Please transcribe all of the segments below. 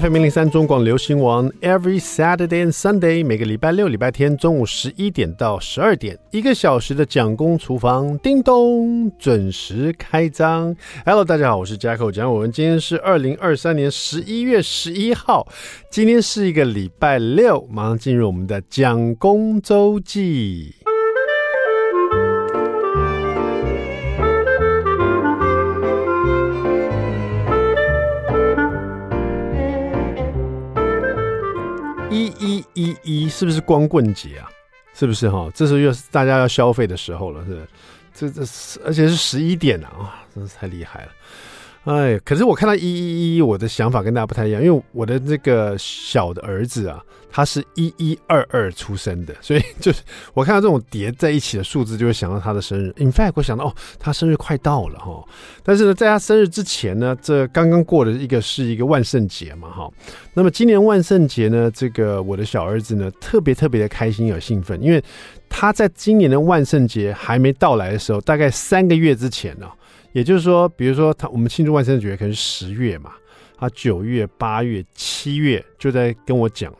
FM 一零三中廣流行網，Every Saturday and Sunday，每個禮拜六、禮拜天中午十一點到十二點，一個小時的蔣公廚房，叮咚準時開張。Hello，大家好，我是 Jack，蔣我們今天是二零二三年十一月十一號，今天是一個禮拜六，馬上進入我們的蔣公週記。一一是不是光棍節啊？是不是哈、哦？這是又是大家要消費的時候了，是不是？這這是而且是十一點啊！真是太厲害了。哎，可是我看到一一一一，我的想法跟大家不太一樣，因為我的這個小的兒子啊，他是一一二二出生的，所以就是我看到這種疊在一起的數字，就會想到他的生日。In fact, 我想到哦，他生日快到了哈。但是呢，在他生日之前呢，這剛剛過的一個是一個萬聖節嘛哈。那麼今年萬聖節呢，這個我的小兒子呢，特別特別的開心而興奮，因為他在今年的萬聖節還沒到來的時候，大概三個月之前呢、啊。也就是說，比如說他我們慶祝萬聖節，可能是十月嘛，他九月、八月、七月就在跟我講：“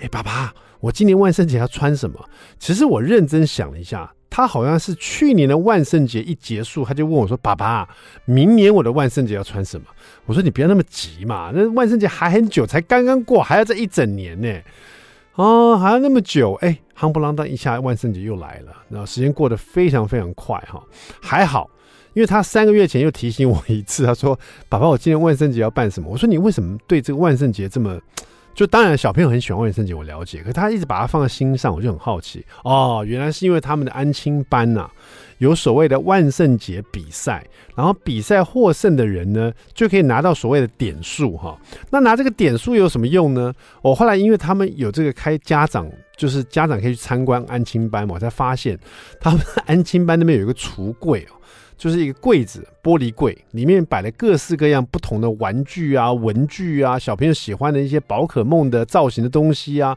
哎，爸爸，我今年萬聖節要穿什麼？”其實我認真想了一下，他好像是去年的萬聖節一結束，他就問我說：“爸爸，明年我的萬聖節要穿什麼？”我說：“你不要那麼急嘛，那萬聖節還很久，才剛剛過，還要再一整年呢。”哦，還要那麼久，哎，夯不啷噹一下，萬聖節又來了，然後時間過得非常非常快哈，還好。因為他三個月前又提醒我一次，他說：“爸爸，我今天萬聖節要辦什麼？”我說：“你為什麼對這個萬聖節這麼……就當然小朋友很喜歡萬聖節，我了解。可是他一直把它放在心上，我就很好奇。哦，原來是因為他們的安親班吶、啊，有所謂的萬聖節比賽，然後比賽獲勝的人呢，就可以拿到所謂的點數哈。那拿這個點數有什麼用呢？哦？我後來因為他們有這個開家長，就是家長可以去參觀安親班嘛，我才發現他們的安親班那邊有一個櫥櫃就是一個櫃子，玻璃櫃裡面擺了各式各樣不同的玩具啊、文具啊，小朋友喜歡的一些寶可夢的造型的東西啊。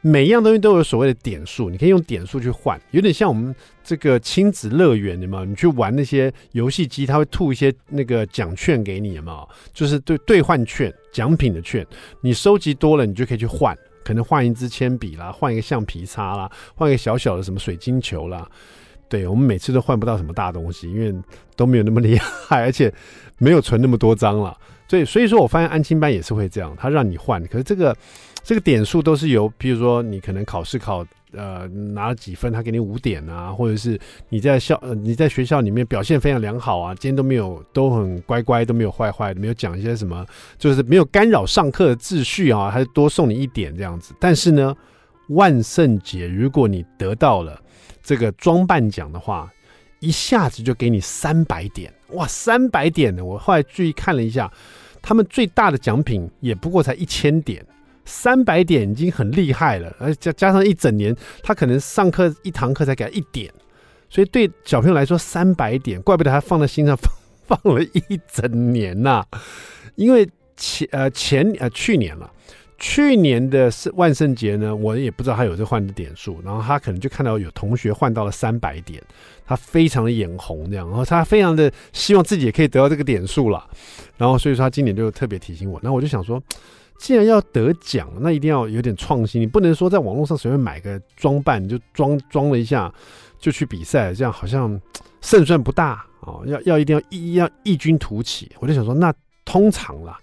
每一樣東西都有所謂的點數，你可以用點數去換，有點像我們這個親子樂園的嘛，你去玩那些遊戲機，他會吐一些那個獎券給你嘛，就是兌兌換券、獎品的券。你收集多了，你就可以去換，可能換一支鉛筆啦，換一個橡皮擦啦，換一個小小的什麼水晶球啦。對，我們每次都換不到什麼大東西，因為都沒有那麼厲害，而且沒有存那麼多張了。所以，所以說我發現安親班也是會這樣，他讓你換，可是這個這個點數都是由，比如說你可能考試考呃拿了幾分，他給你五點啊，或者是你在校、呃、你在學校裡面表現非常良好啊，今天都沒有都很乖乖，都沒有壞壞的，沒有講一些什麼，就是沒有干擾上課的秩序啊，他就多送你一點這樣子。但是呢，萬聖節如果你得到了。這個裝扮獎的話，一下子就給你三百點哇！三百點的，我後來注意看了一下，他們最大的獎品也不過才一千點，三百點已經很厲害了。而且加加上一整年，他可能上課一堂課才給他一點，所以對小朋友來說，三百點，怪不得他放在心上放放了一整年吶、啊，因為前呃前呃去年了。去年的萬聖節呢，我也不知道他有這換的點數，然後他可能就看到有同學換到了三百點，他非常的眼紅這樣，然後他非常的希望自己也可以得到這個點數了，然後所以說他今年就特別提醒我，那我就想說，既然要得獎，那一定要有點創新，你不能說在網絡上隨便買個裝扮，你就裝裝了一下就去比賽，這樣好像勝算不大啊，要要一定要異要異軍突起，我就想說，那通常啦。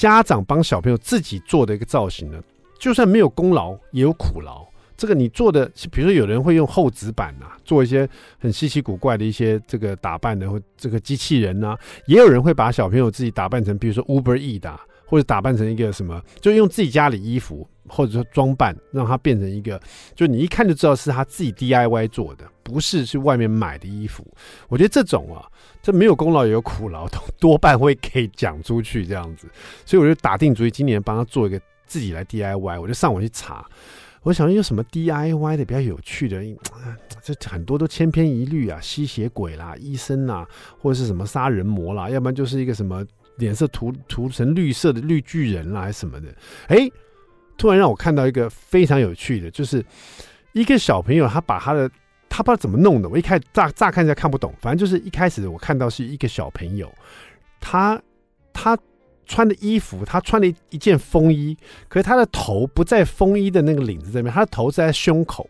家長幫小朋友自己做的一個造型呢，就算沒有功勞也有苦勞。這個你做的，比如說有人會用厚紙板啊，做一些很稀奇古怪的一些這個打扮的，或這個機器人吶、啊，也有人會把小朋友自己打扮成，比如說 Uber Eats，或者打扮成一個什麼，就用自己家裡衣服。或者說裝扮，讓它變成一個，就你一看就知道是他自己 DIY 做的，不是去外面買的衣服。我覺得這種啊，這沒有功勞也有苦勞，都多半會給講出去這樣子。所以，我就打定主意，今年幫他做一個自己來 DIY。我就上網去查，我想有什麼 DIY 的比較有趣的，這很多都千篇一律啊，吸血鬼啦、醫生啦、啊，或者是什麼殺人魔啦，要不然就是一個什麼臉色塗塗成綠色的綠巨人啦，還是什麼的。突然讓我看到一個非常有趣的，就是一個小朋友，他把他的他不知道怎麼弄的，我一開始乍乍看起來看不懂，反正就是一開始我看到是一個小朋友，他他穿的衣服，他穿了一件風衣，可是他的頭不在風衣的那個領子這邊，他的頭在胸口，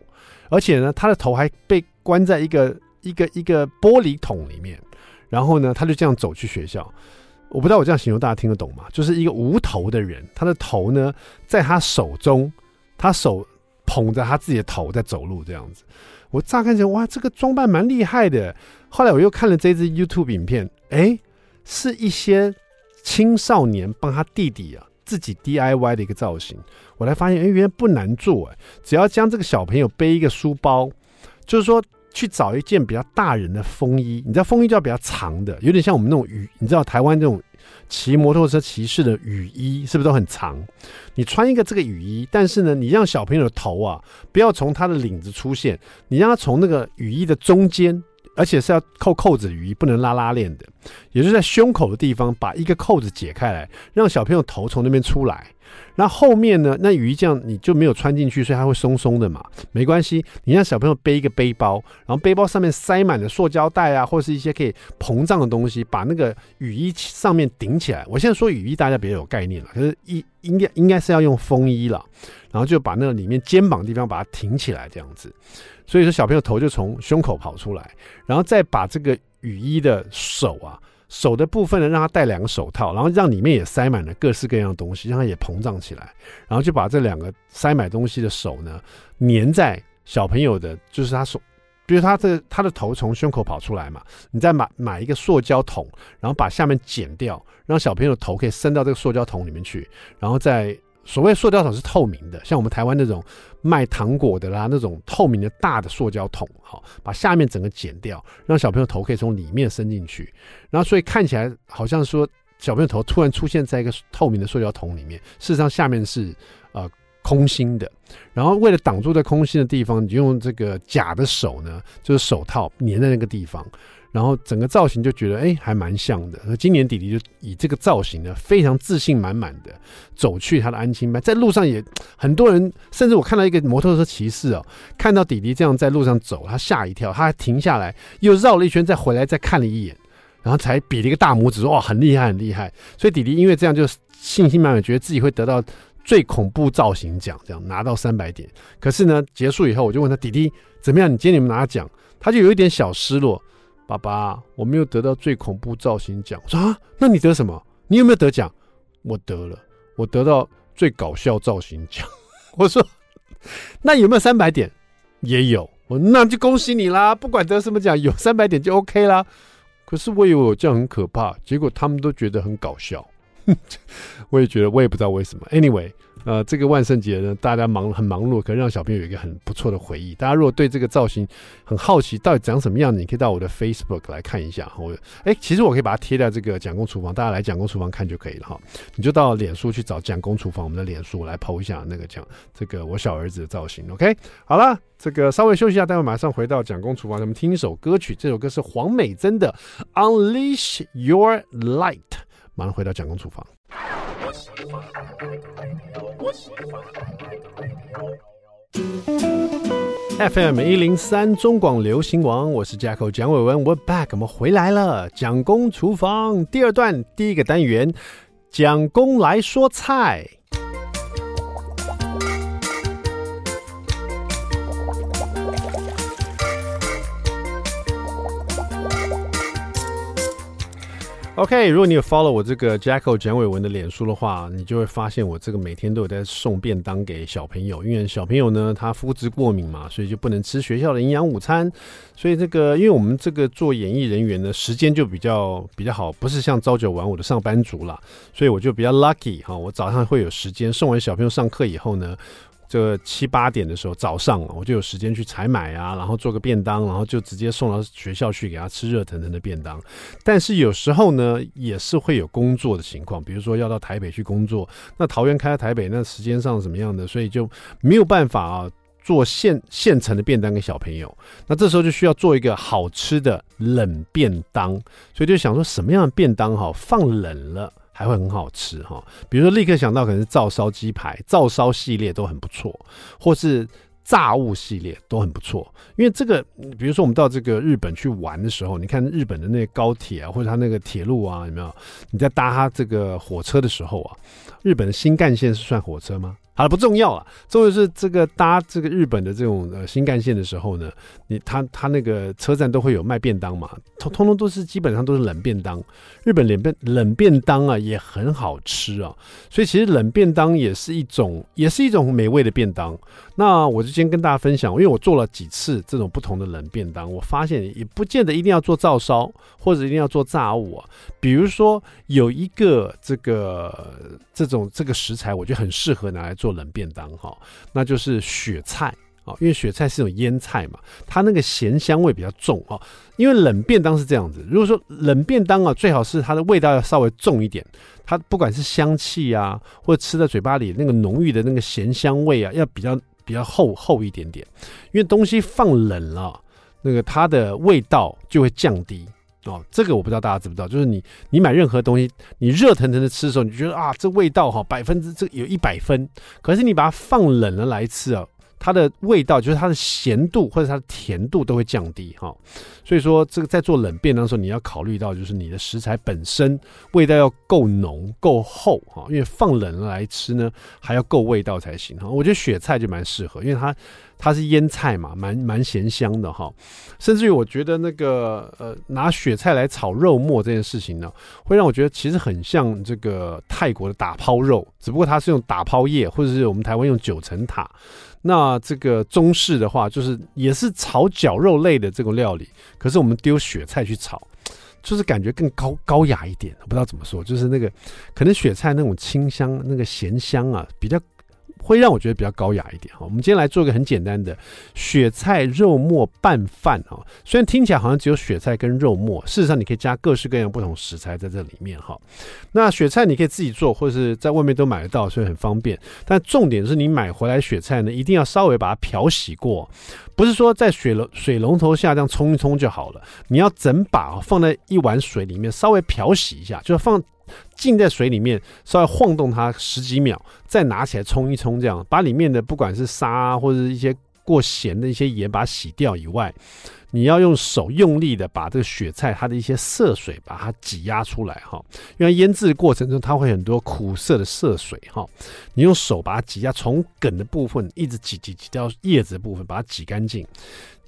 而且呢，他的頭還被關在一個一個一個玻璃桶裡面，然後呢，他就這樣走去學校。我不知道我這樣形容大家聽得懂嗎？就是一個無頭的人，他的頭呢，在他手中，他手捧着他自己的頭在走路這樣子。我乍看見，哇，這個裝扮蠻厲害的。後來我又看了這支 YouTube 影片，誒、欸，是一些青少年幫他弟弟啊自己 DIY 的一個造型。我才發現，誒、欸，原來不難做誒，只要將這個小朋友背一個書包，就是說。去找一件比較大人的風衣，你知道風衣就要比較長的，有點像我們那種雨，你知道台灣這種騎摩托車騎士的雨衣是不是都很長？你穿一個這個雨衣，但是呢，你讓小朋友的頭啊不要從他的領子出現，你讓他從那個雨衣的中間。而且是要扣扣子雨衣，不能拉拉鏈的，也就是在胸口的地方把一個扣子解開來，讓小朋友頭從那邊出來。那後，後面呢？那雨衣這樣你就沒有穿進去，所以它會鬆鬆的嘛，沒關係。你讓小朋友背一個背包，然後背包上面塞滿了塑膠袋啊，或者是一些可以膨脹的東西，把那個雨衣上面頂起來。我現在說雨衣，大家比較有概念了，可是應應該應該是要用風衣了。然後就把那個裡面肩膀的地方把它挺起來，這樣子，所以說小朋友頭就從胸口跑出來，然後再把這個雨衣的手啊手的部分呢，讓他戴兩個手套，然後讓裡面也塞滿了各式各樣的東西，讓它也膨脹起來，然後就把這兩個塞滿東西的手呢粘在小朋友的，就是他手，就是他的他的頭從胸口跑出來嘛，你再買買一個塑膠桶，然後把下面剪掉，讓小朋友的頭可以伸到這個塑膠桶裡面去，然後再。所謂塑膠桶是透明的，像我們台灣那種賣糖果的啦，那種透明的大的塑膠桶，哈，把下面整個剪掉，讓小朋友頭可以從裡面伸進去，然後所以看起來好像說小朋友頭突然出現在一個透明的塑膠桶裡面，事實上下面是呃空心的，然後為了擋住在空心的地方，你就用這個假的手呢，就是手套粘在那個地方。然後整個造型就覺得哎，還蠻像的。今年弟弟就以這個造型呢，非常自信滿滿的走去他的安親班，在路上也很多人，甚至我看到一個摩托車騎士哦，看到弟弟這樣在路上走，他嚇一跳，他還停下來又繞了一圈，再回來再看了一眼，然後才比了一個大拇指說哇、哦、很厲害很厲害。所以弟弟因為這樣就信心滿滿，覺得自己會得到最恐怖造型獎，這樣拿到三百點。可是呢，結束以後我就問他，弟弟怎麼樣？你今天你們拿獎？他就有一點小失落。爸爸，我沒有得到最恐怖造型獎。我說啊，那你得什麼？你有沒有得獎？我得了，我得到最搞笑造型獎。我說，那有沒有三百點？也有。我那就恭喜你啦，不管得什麼獎，有三百點就 OK 啦。可是我以為我這樣很可怕，結果他們都覺得很搞笑。 我也覺得，我也不知道為什麼。Anyway。呃，這個萬聖節呢，大家忙很忙碌，可以讓小朋友有一個很不錯的回憶。大家如果對這個造型很好奇，到底長什麼樣子，你可以到我的 Facebook 來看一下。我，哎、欸，其實我可以把它貼在這個蔣公廚房，大家來蔣公廚房看就可以了哈。你就到臉書去找蔣公廚房，我們的臉書我來 PO 一下那個蔣，這個我小兒子的造型。OK，好了，這個稍微休息一下，待會馬上回到蔣公廚房，我們聽一首歌曲，這首歌是黃美珍的《Unleash Your Light》，馬上回到蔣公廚房。 FM 103中廣流行網，我是 Jacko 蔣偉文，We're Back 我們回來了。蔣公廚房第二段第一個單元，蔣公來說菜。OK，如果你有 follow 我這個 Jacko 蔣偉文的臉書的話，你就會發現我這個每天都有在送便當給小朋友，因為小朋友呢，他膚質過敏嘛，所以就不能吃學校的營養午餐，所以這個因為我們這個做演藝人員呢，時間就比較比較好，不是像朝九晚五的上班族啦。所以我就比較 lucky 哈，我早上會有時間送完小朋友上課以後呢，這七八點的時候，早上我就有時間去採買啊，然後做個便當，然後就直接送到學校去給他吃熱騰騰的便當。但是有時候呢，也是會有工作的情況，比如說要到台北去工作，那桃園開在台北，那時間上怎麼樣的，所以就沒有辦法啊做現現成的便當給小朋友。那這時候就需要做一個好吃的冷便當，所以就想說什麼樣的便當好放冷了，還會很好吃哈，比如說立刻想到可能是照燒雞排，照燒系列都很不錯，或是炸物系列都很不錯。因為這個，比如說我們到這個日本去玩的時候，你看日本的那個高鐵啊，或者他那個鐵路啊，有沒有？你在搭他這個火車的時候啊。日本的新幹線是算火車嗎？好了，不重要了。重要是這個搭這個日本的這種呃新幹線的時候呢，你他他那個車站都會有賣便當嘛，通通通都是基本上都是冷便當。日本冷便冷便當啊也很好吃啊，所以其實冷便當也是一種也是一種美味的便當。那我就先跟大家分享，因為我做了幾次這種不同的冷便當，我發現也不見得一定要做照燒或者一定要做炸物啊，比如說有一個這個這。這種這個食材我覺得很適合拿來做冷便當哈、哦，那就是雪菜啊、哦，因為雪菜是一種醃菜嘛，它那個鹹香味比較重啊、哦。因為冷便當是這樣子，如果說冷便當啊，最好是它的味道，要稍微重一點，它不管是香氣啊，或者吃在嘴巴裡那個濃郁的那個鹹香味啊，要比較比較厚厚一點點，因為東西放冷了，那個它的味道就會降低。哦，這個我不知道大家知不知道，就是你你買任何東西，你熱騰騰的吃的時候，你覺得啊，這味道哈、哦，百分之這有一百分，可是你把它放冷了來吃哦。它的味道就是它的鹹度或者它的甜度都會降低哈、哦，所以說這個在做冷便當的時候，你要考慮到就是你的食材本身味道要夠濃夠厚哈、哦，因為放冷了來吃呢還要夠味道才行哈、哦。我覺得雪菜就蠻適合，因為它它是醃菜嘛，蠻蠻鹹香的哈、哦。甚至於我覺得那個呃拿雪菜來炒肉末這件事情呢，會讓我覺得其實很像這個泰國的打拋肉，只不過它是用打拋葉，或者是我們台灣用九層塔。那這個中式的話，就是也是炒絞肉類的這個料理，可是我們丟雪菜去炒，就是感覺更高高雅一點，我不知道怎麼說，就是那個可能雪菜那種清香、那個鹹香啊，比較。會讓我覺得比較高雅一點哈。我們今天來做一個很簡單的雪菜肉末拌飯哈。雖然聽起來好像只有雪菜跟肉末，事實上你可以加各式各樣不同食材在這裡面哈。那雪菜你可以自己做，或者是在外面都買得到，所以很方便。但重點是你買回來雪菜呢，一定要稍微把它漂洗過，不是說在水龍水龍頭下這樣沖一沖就好了。你要整把放在一碗水裡面稍微漂洗一下，就是放。浸在水裡面，稍微晃動它十幾秒，再拿起來沖一沖，這樣把裡面的不管是沙或者是一些過鹹的一些鹽把它洗掉以外，你要用手用力的把這個雪菜它的一些色水把它擠壓出來哈，因為醃製的過程中它會很多苦澀的色水哈，你用手把它擠壓，從梗的部分一直擠擠擠到葉子的部分，把它擠乾淨。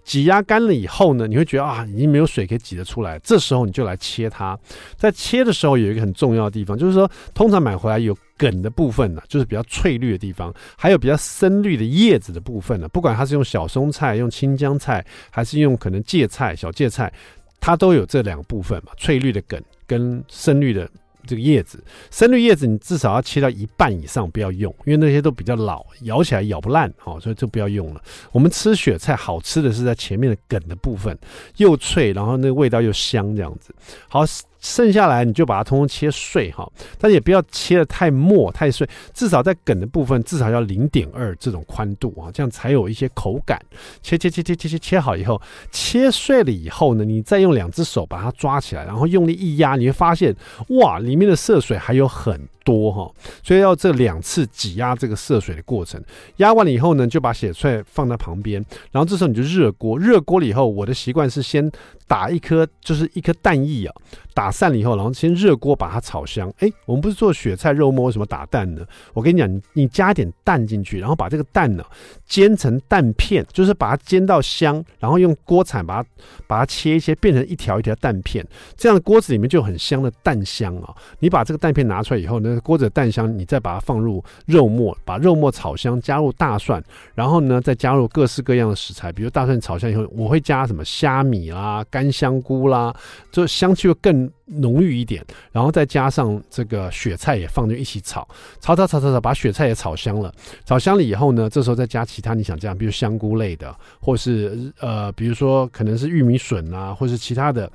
擠壓乾了以後呢，你會覺得啊，已經沒有水可以擠得出來。這時候你就來切它，在切的時候有一個很重要的地方，就是說，通常買回來有梗的部分呢、啊，就是比較翠綠的地方，還有比較深綠的葉子的部分呢、啊。不管它是用小松菜、用青江菜，還是用可能芥菜、小芥菜，它都有這兩部分嘛，翠綠的梗跟深綠的。這個葉子，深綠葉子你至少要切到一半以上，不要用，因為那些都比較老，咬起來咬不爛，好，所以就不要用了。我們吃雪菜，好吃的是在前面的梗的部分，又脆，然後那個味道又香，這樣子好。剩下來你就把它通通切碎哈，但也不要切得太末太碎，至少在梗的部分至少要零點二這種寬度啊，這樣才有一些口感。切切切切切切切好以後，切碎了以後呢，你再用兩隻手把它抓起來，然後用力一壓，你會發現哇，裡面的色水還有很多哈，所以要這兩次擠壓這個色水的過程。壓完了以後呢，就把雪菜放在旁邊，然後這時候你就熱鍋，熱鍋了以後，我的習慣是先打一顆就是一顆蛋液啊，打。散了以後，然後先熱鍋把它炒香。誒，我們不是做雪菜肉末，為什麼打蛋呢？我跟你講，你，你加一點蛋進去，然後把這個蛋呢，啊，煎成蛋片，就是把它煎到香，然後用鍋鏟把它把它切一切，變成一條一條蛋片。這樣鍋子裡面就很香的蛋香啊。你把這個蛋片拿出來以後呢，鍋子的蛋香，你再把它放入肉末，把肉末炒香，加入大蒜，然後呢再加入各式各樣的食材，比如大蒜炒香以後，我會加什麼蝦米啦、乾香菇啦，就香氣會更。濃郁一點，然後再加上這個雪菜也放進去一起炒，炒炒炒炒炒，把雪菜也炒香了。炒香了以後呢，這時候再加其他，你想這樣，比如香菇類的，或是呃，比如說可能是玉米筍啊，或是其他的。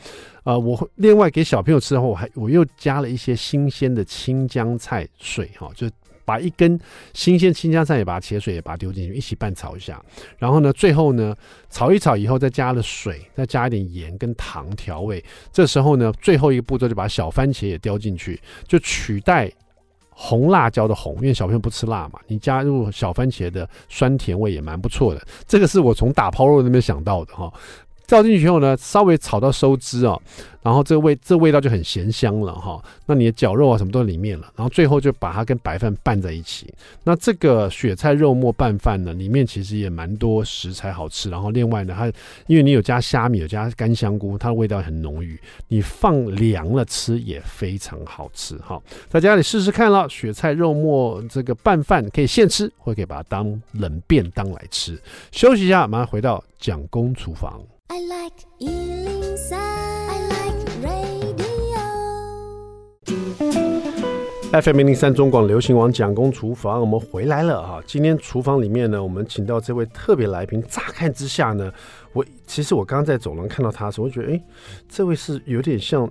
呃，我另外給小朋友吃的話，我還我又加了一些新鮮的青江菜水哈、哦，就。把一根新鮮青江菜也把它切碎，也把它丟進去，一起拌炒一下。然後呢，最後呢，炒一炒以後，再加了水，再加一點鹽跟糖調味。這時候呢，最後一個步驟就把小番茄也丟進去，就取代紅辣椒的紅，因為小朋友不吃辣嘛。你加入小番茄的酸甜味也蠻不錯的。這個是我從打拋肉那邊想到的哈、哦。倒進去以後呢，稍微炒到收汁哦、喔。然後這味這味道就很鹹香了哈、喔。那你的絞肉啊什麼都在裡面了，然後最後就把它跟白飯拌在一起。那這個雪菜肉末拌飯呢，裡面其實也蠻多食材好吃。然後另外呢，它因為你有加蝦米，有加乾香菇，它的味道很濃郁。你放涼了吃也非常好吃哈、喔。在家裡試試看了雪菜肉末這個拌飯，可以現吃，或可以把它當冷便當來吃。休息一下，馬上回到蔣公廚房。I like 103, I like radio. FM 103中廣流行網蔣公廚房，我們回來了啊！今天廚房裡面呢，我們請到這位特別來賓。乍看之下呢，我其實我剛在走廊看到他的時候，我覺得哎、欸，這位是有點像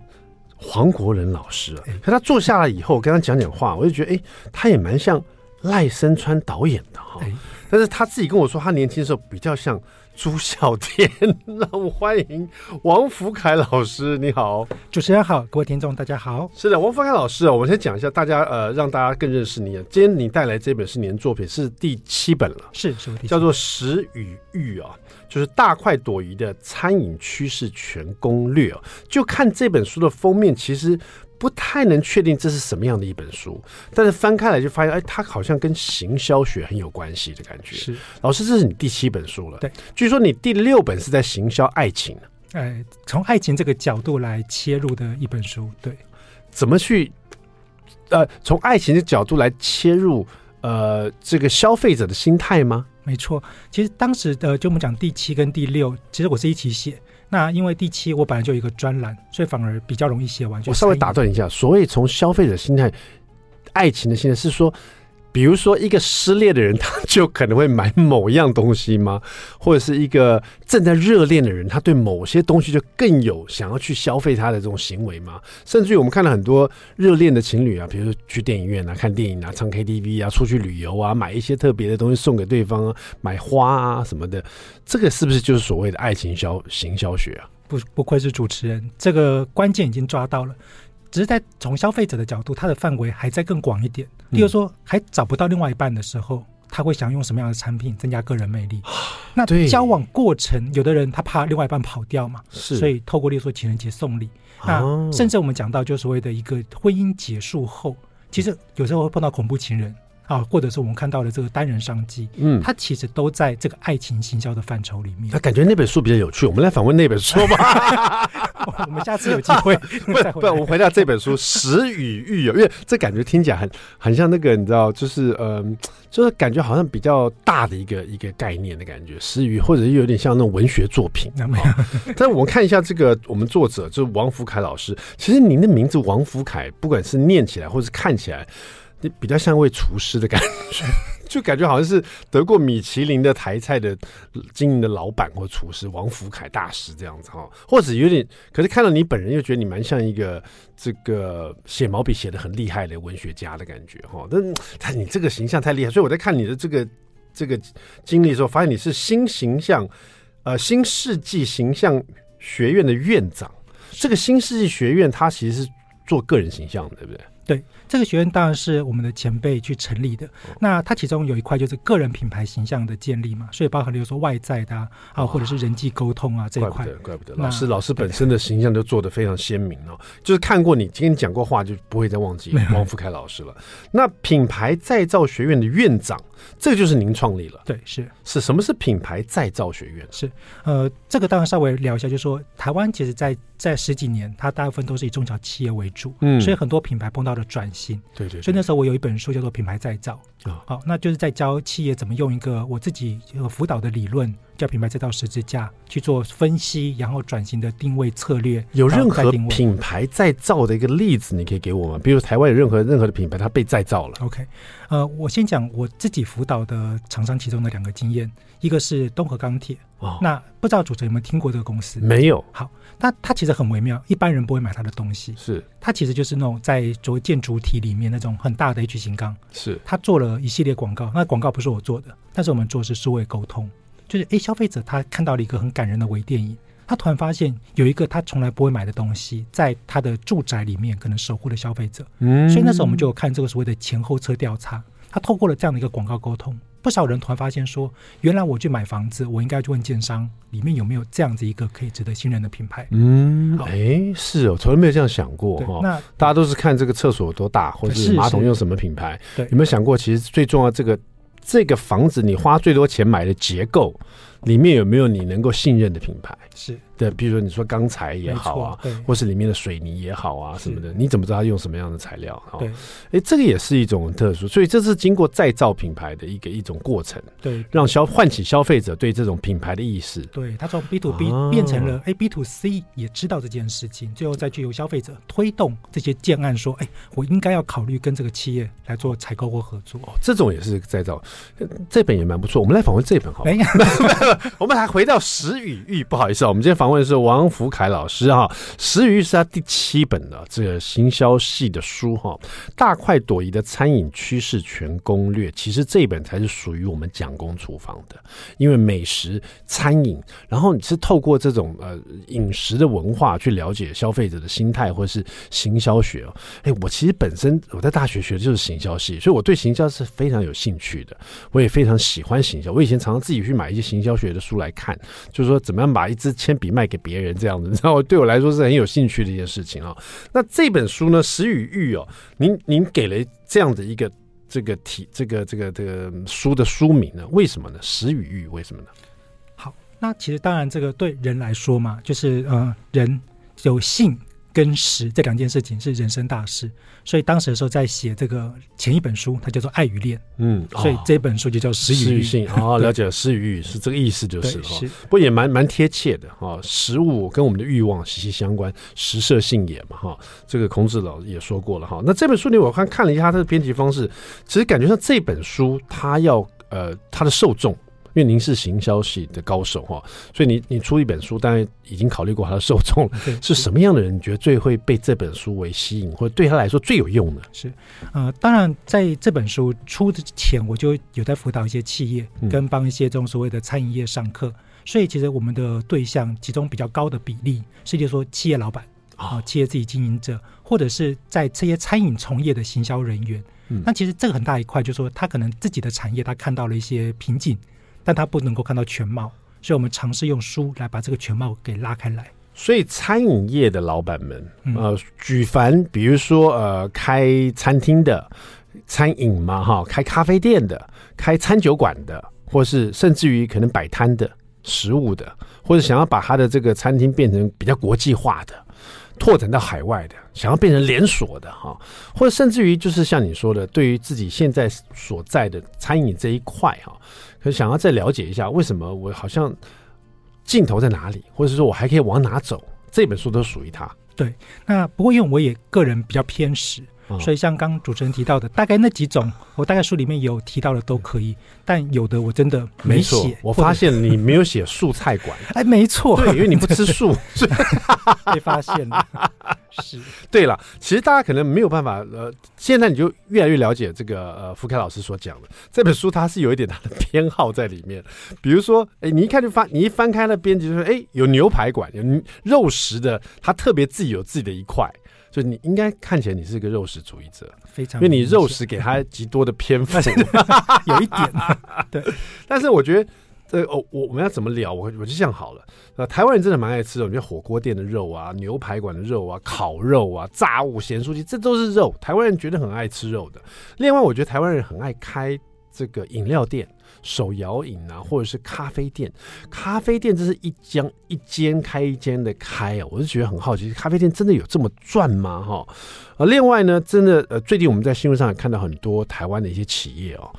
黃國仁老師。可他坐下來以後，我跟他講講話，我就覺得哎、欸，他也蠻像賴聲川導演的哈、哦。欸但是他自己跟我說，他年輕的時候比較像朱孝天。讓我歡迎王福闓老師，你好，主持人好，各位聽眾大家好。是的，王福闓老師啊，我們先講一下，大家呃，讓大家更認識你。今天你帶來這本是你的作品，是第七本了，是是第七本，叫做《食與欲》啊，就是大快朵頤的餐飲趨勢全攻略。就看這本書的封面，其實不太能確定這是什麼樣的一本書，但是翻開來就發現，哎，它好像跟行銷學很有關係的感覺。是，老師，這是你第七本書了。對，據說你第六本是在行銷愛情。哎，從愛情這個角度來切入的一本書，對。怎麼去？呃，從愛情的角度來切入，呃，這個消費者的心態嗎？沒錯，其實當時的就我們講第七跟第六，其實我是一起寫。那因為第七我本來就有一個專欄，所以反而比較容易寫完。我稍微打斷一下，所謂從消費者心態、愛情的心態是說。比如說，一個失戀的人，他就可能會買某樣東西嗎？或者是一個正在熱戀的人，他對某些東西就更有想要去消費他的這種行為嗎？甚至於，我們看到很多熱戀的情侶啊，比如說去電影院啊、看電影啊、唱 KTV 啊、出去旅遊啊、買一些特別的東西送給對方啊、買花啊什麼的，這個是不是就是所謂的愛情銷行銷學啊？不不愧是主持人，這個關鍵已經抓到了。只是在從消費者的角度，它的範圍還在更廣一點。例如說，還找不到另外一半的時候、嗯，他會想用什麼樣的產品增加個人魅力？啊、那交往過程，對、有的人他怕另外一半跑掉嘛，是、所以透過例如說情人節送禮、哦。那甚至我們講到，就所謂的一個婚姻結束後、嗯，其實有時候會碰到恐怖情人。啊，或者是我們看到的這個單人商機，嗯，它其實都在這個愛情行銷的範疇裡面。他、啊、感覺那本書比較有趣，我們來訪問那本書吧。 我們下次有機會。啊、不不，不，我們回到這本書《 食與慾》有，因為這感覺聽起來很很像那個，你知道，就是嗯、呃，就是感覺好像比較大的一個一個概念的感覺。食與，或者是有點像那種文學作品。 啊、但是我們看一下這個，我們作者就是王福闓老師。其實您的名字王福闓，不管是念起來或者是看起來，你比較像一位廚師的感覺，就感覺好像是得過米其林的台菜的經營的老闆或廚師王福闓大師這樣子哈、哦，或者有點，可是看到你本人又覺得你蠻像一個這個寫毛筆寫的很厲害的文學家的感覺哈，但但你這個形象太厲害，所以我在看你的這個這個經歷的時候，發現你是新形象，呃新世紀形象學院的院長，這個新世紀學院它其實是做個人形象的，對不對？這個學院當然是我們的前輩去成立的、哦，那它其中有一塊就是個人品牌形象的建立嘛，所以包括比如說外在的啊，哦、或者是人際溝通啊這一塊，怪不得，怪不得老師老師本身的形象就做得非常鮮明哦，對對，就是看過你今天講過話就不會再忘記王福闓老師了。那品牌再造學院的院長。這個就是您創立了，對，是是什麼是品牌再造學院？是，呃，這個當然稍微聊一下，就是說台灣其實在，在在十幾年，它大部分都是以中小企業為主，嗯，所以很多品牌碰到了轉型，對對，對，所以那時候我有一本書叫做《品牌再造》，啊、哦，好，那就是在教企業怎麼用一個我自己輔導的理論。叫品牌再造十字架去做分析，然後轉型的定位策略。有任何定位品牌再造的一個例子，你可以給我嗎？比如台灣有任何任何的品牌它被再造了？OK，呃，我先講我自己輔導的廠商其中的兩個經驗，一個是東和鋼鐵。哦，那不知道主持人有沒有聽過這個公司？沒有。好，那它其實很微妙，一般人不會買它的東西。是。它其實就是那種在做建築體裡面那種很大的 H 型鋼。是。它做了一系列廣告，那廣告不是我做的，但是我們做的是數位溝通。就是哎，消費者他看到了一個很感人的微電影，他突然發現有一個他從來不會買的東西，在他的住宅裡面可能守護了消費者。嗯，所以那時候我們就有看這個所謂的前後測調查，他透過了這樣的一個廣告溝通，不少人突然發現說，原來我去買房子，我應該去問建商裡面有沒有這樣子一個可以值得信任的品牌。嗯，哎，是哦，從來沒有這樣想過。那，哦，大家都是看這個廁所有多大，或者馬桶用什麼品牌。對，是是，對，有沒有想過其實最重要這個？這個房子你花最多錢買的結構，裡面有沒有你能夠信任的品牌？是。對，比如說你說鋼材也好啊，或是裡面的水泥也好啊什麼的，你怎麼知道它用什麼樣的材料？對，哎、哦，這個也是一種很特殊，所以這是經過再造品牌的一個一種過程，對，對讓消喚起消費者對這種品牌的意識。對，他從 B to B 變成了哎 B to C，也知道這件事情，最後再去由消費者推動這些建案說，說、呃、哎，我應該要考慮跟這個企業來做採購或合作。哦，這種也是再造，這本也蠻不錯，我們來訪問這本好不好？哎呀， 我們還回到食與慾，不好意思啊、哦，我們今天訪。這位是王福闓老師哈，《食與慾》是他第七本的這個行銷系的書哈，《大快朵頤的餐飲趨勢全攻略》。其實這一本才是屬於我們蔣公廚房的，因為美食、餐飲，然後你是透過這種呃飲食的文化去了解消費者的心態，或者是行銷學哦。哎，我其實本身我在大學學的就是行銷系，所以我對行銷是非常有興趣的，我也非常喜歡行銷。我以前常常自己去買一些行銷學的書來看，就是說怎麼樣把一支鉛筆賣給別人這樣子，你知道，然後對我來說是很有興趣的一件事情啊。那這本書呢，《食與慾》哦，您您給了這樣的一個這個體，這個這個這個書的書名呢？為什麼呢？《食與慾》為什麼呢？好，那其實當然，這個對人來說嘛，就是呃，人有性。跟食這兩件事情是人生大事，所以當時的時候在寫這個前一本書，它叫做《愛與戀》，嗯，哦、所以這本書就叫《食與欲》。好、哦，了解了，食與欲是這個意思，就是哈，不也蠻蠻貼切的哈。食物跟我們的慾望息息相關，食色性也嘛哈。這個孔子老也說過了哈。那這本書裡我看看了一下它的編輯方式，其實感覺上這本書它要呃它的受眾。因為您是行銷系的高手哈、啊，所以你你出一本書，當然已經考慮過他的受眾了是什麼樣的人，你覺得最會被這本書為吸引，或者對他來說最有用的？是，呃，當然在這本書出之前，我就有在輔導一些企業，跟幫一些這種所謂的餐飲業上課、嗯，所以其實我們的對象其中比較高的比例是，就是說企業老闆啊、哦，企業自己經營者，或者是在這些餐飲從業的行銷人員。嗯、那其實這個很大一塊，就是說他可能自己的產業他看到了一些瓶頸。但他不能夠看到全貌，所以我們嘗試用書來把這個全貌給拉開來。所以餐飲業的老闆們，呃，舉凡比如說呃開餐廳的餐飲嘛哈，開咖啡店的，開餐酒館的，或是甚至於可能擺攤的食物的，或者想要把他的這個餐廳變成比較國際化的。拓展到海外的，想要變成連鎖的哈，或者甚至於就是像你說的，對於自己現在所在的餐飲這一塊哈，可想要再了解一下為什麼我好像盡頭在哪裡，或者說我還可以往哪走，這本書都屬於它。對，那不過因為我也個人比較偏食。哦，所以像剛剛主持人提到的，大概那幾種，我大概書裡面有提到的都可以，但有的我真的沒寫。沒錯。我發現你沒有寫素菜館。哎，沒錯。對，因為你不吃素， 被發現了。 是。對了，其實大家可能沒有辦法，呃，現在你就越來越了解這個，呃，福闓老師所講的這本書，它是有一點他的偏好在裡面。比如說，哎，你一看就翻，你一翻開那編輯就說，哎，有牛排館，有肉食的，他特別自己有自己的一塊。就你應該看起來你是一個肉食主義者，非常，因為你肉食給他極多的篇幅， 有一點，對。但是我覺得，這、呃、哦，我我，我們要怎麼聊？我我就這樣好了，那、啊、台灣人真的蠻愛吃肉，你像火鍋店的肉啊，牛排館的肉啊，烤肉啊，炸物、鹹酥雞，這都是肉。台灣人覺得很愛吃肉的。另外，我覺得台灣人很愛開這個飲料店。手搖飲啊，或者是咖啡店，咖啡店這是一間一間開，一間的開啊，我是覺得很好奇，咖啡店真的有這麼賺嗎？哈，呃，另外呢，真的呃，最近我們在新聞上也看到很多台灣的一些企業哦，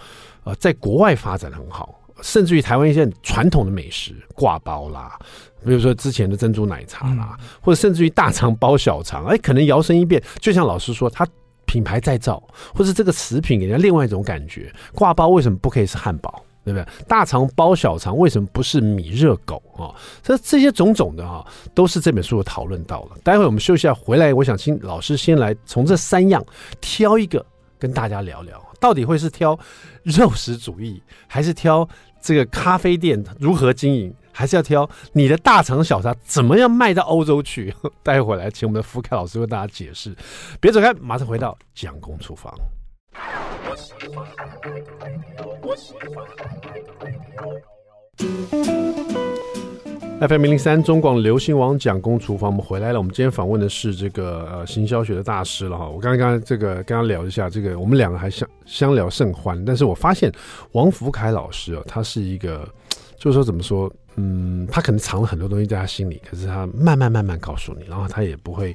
呃，在國外發展很好，甚至於台灣一些傳統的美食掛包啦，比如說之前的珍珠奶茶啦，或者甚至於大腸包小腸，哎，可能搖身一變，就像老師說，它品牌再造，或是這個食品給人家另外一種感覺，掛包為什麼不可以是漢堡？對不對？大腸包小腸為什麼不是米熱狗啊、哦？這這些種種的啊、哦，都是這本書討論到了。待會兒我們休息下，回來我想請老師先來從這三樣挑一個跟大家聊聊，到底會是挑肉食主義，還是挑這個咖啡店如何經營，還是要挑你的大腸小腸怎麼樣賣到歐洲去？待會兒來請我們的福闓老師為大家解釋。別走開，馬上回到蔣公廚房。FM 一零三中廣流行網蔣公廚房，我們回來了。我們今天訪問的是這個呃行銷學的大師了哈。我剛剛這個跟他聊一下，這個我們兩個還相相聊甚歡。但是我發現王福闓老師啊、哦，他是一個，就是說怎麼說，嗯，他可能藏了很多東西在他心裡，可是他慢慢慢慢告訴你，然後他也不會。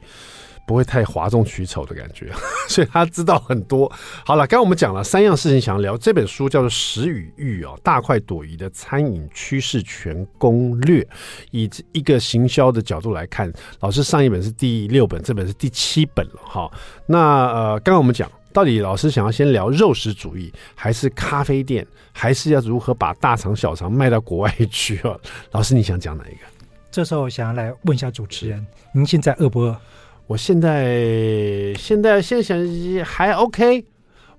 不會太譁眾取寵的感覺，所以他知道很多。好了，剛剛我們講了三樣事情，想要聊這本書叫做《食與慾》哦，《大快朵頤的餐飲趨勢全攻略》，以一個行銷的角度來看，老師上一本是第六本，這本是第七本了哈。那呃，剛剛我們講到底，老師想要先聊肉食主義，還是咖啡店，還是要如何把大腸小腸賣到國外去？哦，老師，你想講哪一個？這時候我想要來問一下主持人，您現在餓不餓？我現在，現在現在現在想還 OK，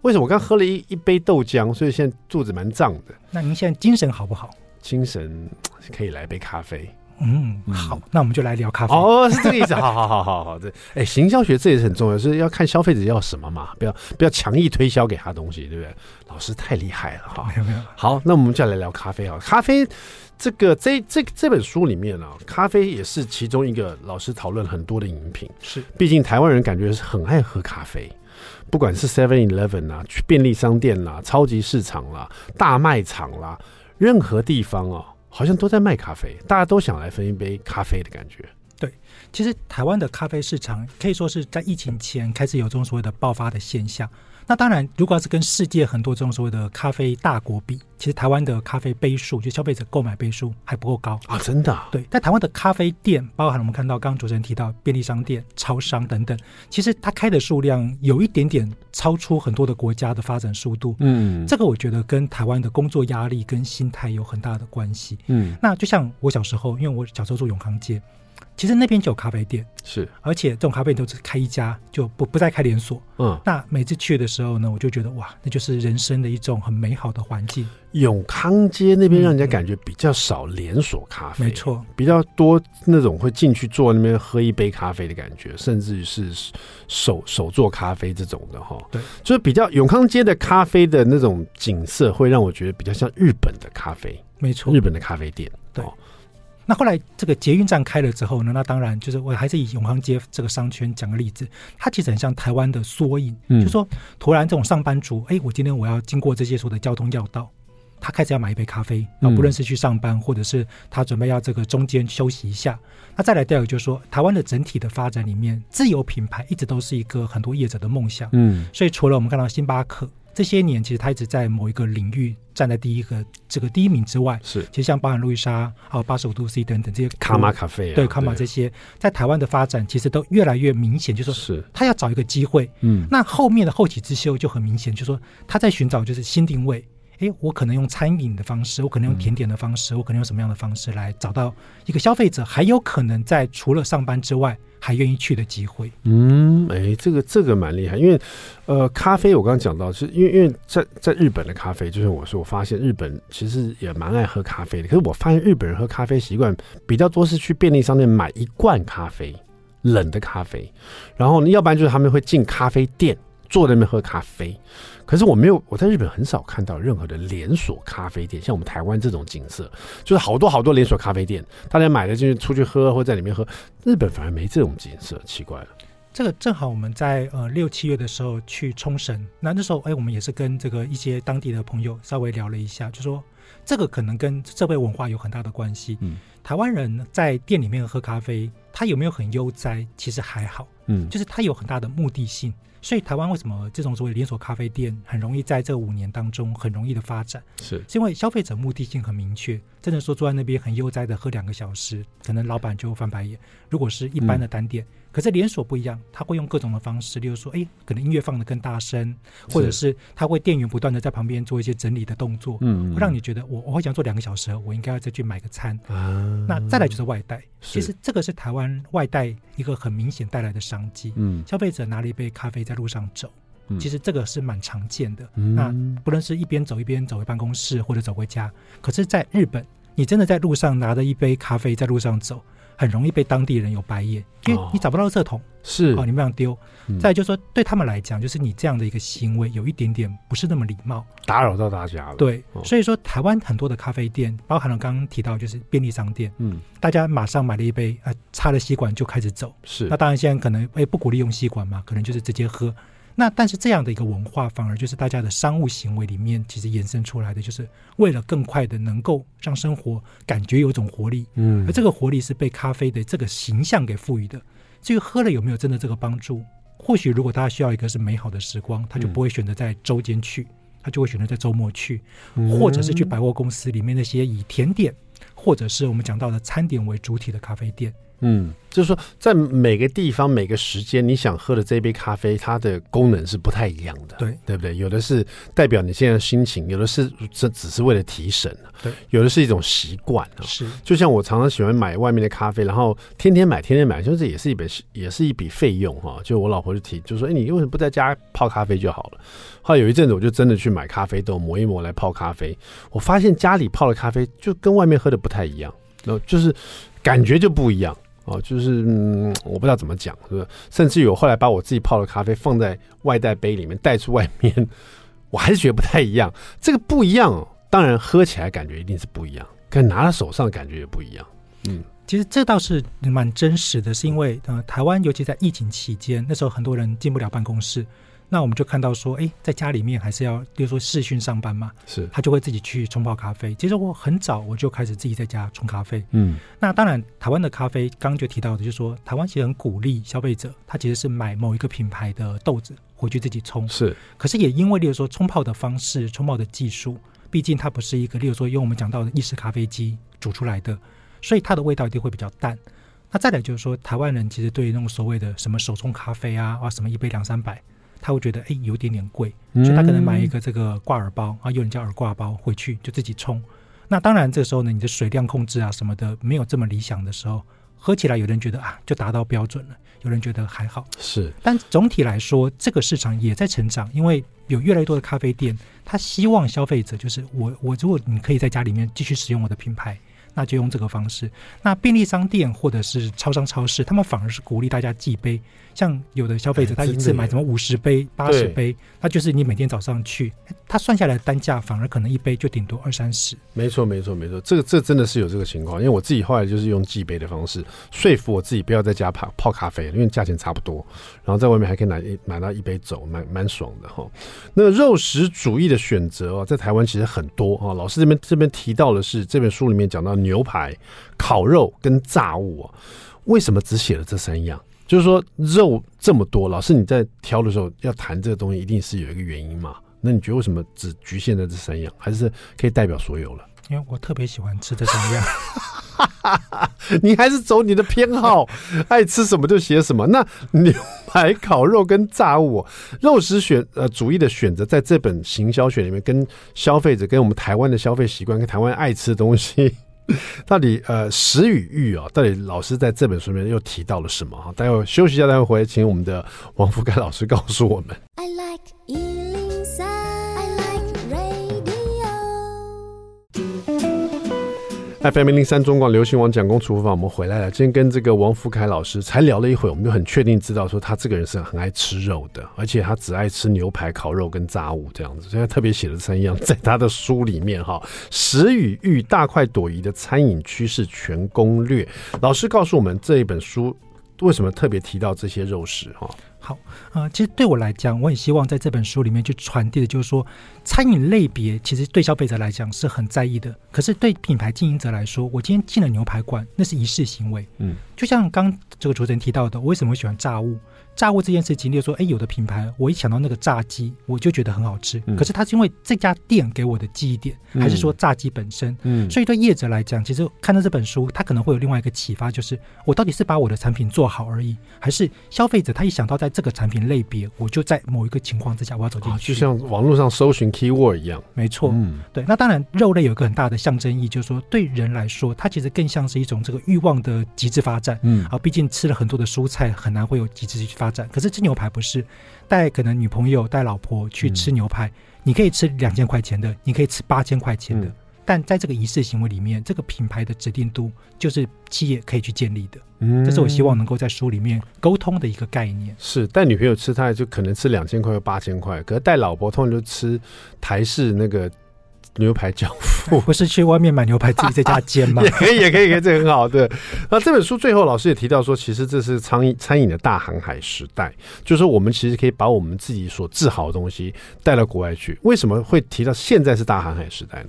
為什麼？我剛喝了一一杯豆漿，所以現在肚子蠻脹的。那您現在精神好不好？精神可以來杯咖啡。嗯，好，嗯，那我們就來聊咖啡哦，是這個意思。好好好好好的，哎，行銷學這也是很重要，是要看消費者要什麼嘛，不要不要強硬推銷給他東西，對不對？老師太厲害了哈！沒有沒有。好，那我們就來聊咖啡啊，咖啡這個這這這本書裡面呢、啊，咖啡也是其中一個老師討論很多的飲品，是，畢竟台灣人感覺是很愛喝咖啡，不管是 Seven Eleven 啊、去便利商店啦、啊、超級市場啦、啊、大賣場啦、啊，任何地方啊。好像都在賣咖啡，大家都想來分一杯咖啡的感覺。對，其實台灣的咖啡市場可以說是在疫情前開始有這種所謂的爆發的現象。那當然，如果要是跟世界很多這種所謂的咖啡大國比，其實台灣的咖啡杯數，就消費者購買杯數還不夠高啊，真的啊。對，但台灣的咖啡店，包含我們看到剛剛主持人提到便利商店、超商等等，其實它開的數量有一點點超出很多的國家的發展速度。嗯，這個我覺得跟台灣的工作壓力跟心態有很大的關係。嗯，那就像我小時候，因為我小時候住永康街。其實那邊就有咖啡店，是，而且這種咖啡店都只開一家，就不不再開連鎖。嗯，那每次去的時候呢，我就覺得哇，那就是人生的一種很美好的環境。永康街那邊讓人家感覺比較少連鎖咖啡，嗯嗯、沒錯，比較多那種會進去坐那邊喝一杯咖啡的感覺，甚至於是手手做咖啡這種的哈。對，就是比較永康街的咖啡的那種景色，會讓我覺得比較像日本的咖啡，沒錯，日本的咖啡店。對。哦那後來這個捷運站開了之後呢，那當然就是我還是以永康街這個商圈講個例子，它其實很像台灣的縮影、嗯，就是說突然這種上班族，哎、欸，我今天我要經過這些所謂的交通要道，他開始要買一杯咖啡，啊，不論是去上班或者是他準備要這個中間休息一下。嗯、那再來第二個就是說，台灣的整體的發展裡面，自有品牌一直都是一個很多業者的夢想，嗯，所以除了我們看到星巴克。這些年，其實他一直在某一個領域站在第一個這個第一名之外。是，其實像包含路易莎、還有八十五度 C 等等這些卡馬咖啡，對卡馬這些在台灣的發展，其實都越來越明顯，就是說他要找一個機會。嗯，那後面的後起之秀就很明顯，就是說他在尋找就是新定位。誒，我可能用餐飲的方式，我可能用甜點的方式，嗯、我可能用什麼樣的方式來找到一個消費者，還有可能在除了上班之外還願意去的機會？嗯，哎，這個這個蠻厲害，因為呃，咖啡我剛剛講到是，是因為因為在在日本的咖啡，就是我說我發現日本其實也蠻愛喝咖啡的，可是我發現日本人喝咖啡習慣比較多是去便利商店買一罐咖啡，冷的咖啡，然後呢，要不然就是他們會進咖啡店坐在那邊喝咖啡。可是我沒有，我在日本很少看到任何的連鎖咖啡店，像我們台灣這種景色，就是好多好多連鎖咖啡店，大家買的進去出去喝或者在裡面喝，日本反而沒這種景色，奇怪了。這個正好我們在呃六七月的時候去沖繩，那那時候哎，我們也是跟這個一些當地的朋友稍微聊了一下，就說這個可能跟社會文化有很大的關係。嗯，台灣人在店裡面喝咖啡，他有沒有很悠哉？其實還好，嗯，就是他有很大的目的性。所以台灣為什麼這種所謂連鎖咖啡店很容易在這五年當中很容易的發展？是，是因為消費者目的性很明確。真的說坐在那邊很悠哉的喝兩個小時，可能老闆就翻白眼。如果是一般的單店，嗯、可是連鎖不一樣，他會用各種的方式，例如說，哎，可能音樂放得更大聲，或者是他會店員不斷的在旁邊做一些整理的動作，嗯，會讓你覺得我我會想坐兩個小時，我應該要再去買個餐啊、嗯。那再來就是外帶是，其實這個是台灣外帶一個很明顯帶來的商機。嗯，消費者拿了一杯咖啡在路上走。其實這個是蠻常見的，嗯、那不論是一邊走一邊走回辦公室或者走回家，可是在日本，你真的在路上拿着一杯咖啡在路上走，很容易被當地人有白眼，因為你找不到垃圾桶，哦哦、是啊，你不想丟、嗯。再就是說，對他們來講，就是你這樣的一個行為有一點點不是那麼禮貌，打擾到大家了。對，哦、所以說台灣很多的咖啡店，包含了剛剛提到的就是便利商店，嗯，大家馬上買了一杯，呃、啊，插了吸管就開始走。是，那當然現在可能會、欸、不鼓勵用吸管嘛，可能就是直接喝。那但是這樣的一個文化，反而就是大家的商務行為裡面，其實延伸出來的，就是為了更快的能夠讓生活感覺有種活力。嗯，而這個活力是被咖啡的這個形象給賦予的。至於喝了有沒有真的這個幫助，或許如果大家需要一個是美好的時光，他就不會選擇在周間去，他就會選擇在周末去，或者是去百貨公司裡面那些以甜點或者是我們講到的餐點為主體的咖啡店。嗯，就是說，在每個地方、每個時間，你想喝的這杯咖啡，它的功能是不太一樣的，對對不對？有的是代表你現在的心情，有的是這只是為了提神，對，有的是一種習慣，是。就像我常常喜歡買外面的咖啡，然後天天買，天天買，就是也是一筆也是一筆費用哈。就我老婆就提，就說：“哎，你為什麼不在家泡咖啡就好了？”後來有一陣子，我就真的去買咖啡豆磨一磨來泡咖啡，我發現家裡泡的咖啡就跟外面喝的不太一樣，然後就是感覺就不一樣。哦，就是嗯，我不知道怎麼講，是不是？甚至我後來把我自己泡的咖啡放在外帶杯裡面帶出外面，我還是覺得不太一樣。這個不一樣哦，當然喝起來感覺一定是不一樣，但拿在手上的感覺也不一樣。嗯，其實這倒是蠻真實的，是因為呃，台灣尤其在疫情期間，那時候很多人進不了辦公室。那我們就看到說，哎，在家裡面還是要，例如說視訊上班嘛，是，他就會自己去沖泡咖啡。其實我很早我就開始自己在家沖咖啡，嗯。那當然，台灣的咖啡剛就提到的，就是說台灣其實很鼓勵消費者，他其實是買某一個品牌的豆子回去自己沖。是，可是也因為，例如說沖泡的方式、沖泡的技術，畢竟它不是一個，例如說用我們講到的意式咖啡機煮出來的，所以它的味道一定會比較淡。那再來就是說，台灣人其實對於那種所謂的什麼手沖咖啡啊，啊什麼一杯兩三百。他會覺得誒，有點點貴，所以他可能買一個這個掛耳包、嗯、啊，有人叫耳掛包回去就自己沖。那當然，這個時候呢，你的水量控制啊什麼的沒有這麼理想的時候，喝起來有人覺得啊就達到標準了，有人覺得還好。是，但總體來說，這個市場也在成長，因為有越來越多的咖啡店，他希望消費者就是我，我如果你可以在家裡面繼續使用我的品牌。那就用這個方式。那便利商店或者是超商、超市，他們反而是鼓勵大家寄杯。像有的消費者，他一次買什麼五十杯，八、哎、十杯，那就是你每天早上去，他算下來的單價反而可能一杯就頂多二三十。沒錯，沒錯，沒錯。這個，這真的是有這個情況。因為我自己後來就是用寄杯的方式說服我自己，不要在家泡泡咖啡，因為價錢差不多。然後在外面還可以買一買到一杯酒，蠻蠻爽的哈。那個肉食主義的選擇啊，在台灣其實很多啊。老師這邊這邊提到的是這本書裡面講到牛排、烤肉跟炸物啊，為什麼只寫了這三樣？就是說肉這麼多，老師你在挑的時候要談這個東西，一定是有一個原因嘛？那你覺得為什麼只局限在這三樣，還是可以代表所有了？因為我特別喜歡吃的這樣，你還是走你的偏好， 愛吃什麼就寫什麼。那牛排、烤肉跟炸物，肉食選呃主義的選擇，在這本行銷學裡面，跟消費者跟我們台灣的消費習慣，跟台灣愛吃的東西，到底呃食與欲啊，到底老師在這本書裡面又提到了什麼啊？大家休息一下，待會回來，請我們的王福闓老師告訴我們。I like FM 一零三中廣流行網蔣公廚房，我們回來了。今天跟這個王福闓老師才聊了一會兒，我們就很確定知道說他這個人是很愛吃肉的，而且他只愛吃牛排、烤肉跟炸物這樣子。所以他特別寫了三樣，在他的書裡面哈，《食與慾大快朵頤的餐飲趨勢全攻略》。老師告訴我們，這一本書為什麼特別提到這些肉食哈？好，呃，其實對我來講，我也希望在這本書裡面去傳遞的就是說，餐飲類別其實對消費者來講是很在意的，可是對品牌經營者來說，我今天進了牛排館，那是儀式行為。嗯，就像剛剛這個主持人提到的，我為什麼會喜歡炸物？炸物這件事情，例如說，哎，有的品牌，我一想到那個炸雞，我就覺得很好吃。嗯。可是他是因為這家店給我的記憶點，還是說炸雞本身？嗯。所以對業者來講，其實看到這本書，他可能會有另外一個啟發，就是我到底是把我的產品做好而已，還是消費者他一想到在。這個產品類別，我就在某一個情況之下，我要走進去，啊、就像網絡上搜尋 keyword 一樣，沒錯，嗯、對。那當然，肉類有一個很大的象徵意義，就是說，對人來說，它其實更像是一種這個慾望的極致發展。嗯，啊，畢竟吃了很多的蔬菜，很難會有極致去發展。可是吃牛排不是，帶可能女朋友、帶老婆去吃牛排，嗯，你可以吃兩千塊錢的，你可以吃八千塊錢的。嗯但在這個儀式行為裡面，這個品牌的指定度就是企業可以去建立的。嗯，這是我希望能夠在書裡面溝通的一個概念。嗯、是帶女朋友吃，他就可能吃兩千塊或八千塊，可是帶老婆，通常就吃台式那個牛排教父。 不是去外面買牛排自己在家煎嗎？哈哈，也也可以，也可以，這很好。對。 那這本書最後，老師也提到說，其實這是餐飲餐飲的大航海時代，就是說我們其實可以把我們自己所自豪的東西帶到國外去。為什麼會提到現在是大航海時代呢？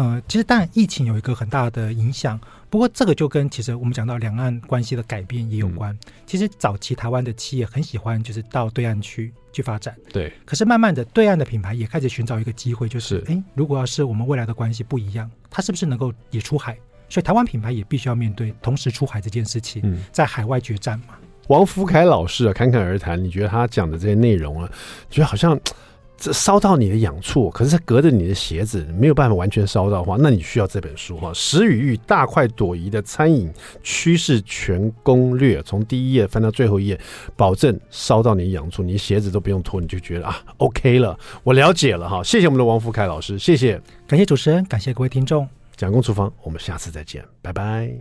呃、嗯，其實當然，疫情有一個很大的影響。不過，這個就跟其實我們講到兩岸關係的改變也有關。嗯、其實早期台灣的企業很喜歡，就是到對岸去去發展。對，可是慢慢的，對岸的品牌也開始尋找一個機會，就是哎，如果要是我們未來的關係不一樣，它是不是能夠也出海？所以台灣品牌也必須要面對同時出海這件事情，嗯、在海外決戰嘛。王福闓老師啊，侃侃而談，你覺得他講的這些內容啊，覺得好像。這燒到你的癢處，可是它隔着你的鞋子沒有辦法完全燒到的話，那你需要這本書哈，《食與欲大快朵頤的餐飲趨勢全攻略》，從第一頁翻到最後一頁，保證燒到你的癢處，你鞋子都不用脫，你就覺得啊，OK 了，我了解了哈。謝謝我們的王福闓老師，謝謝，感謝主持人，感謝各位聽眾。蔣公廚房，我們下次再見，拜拜。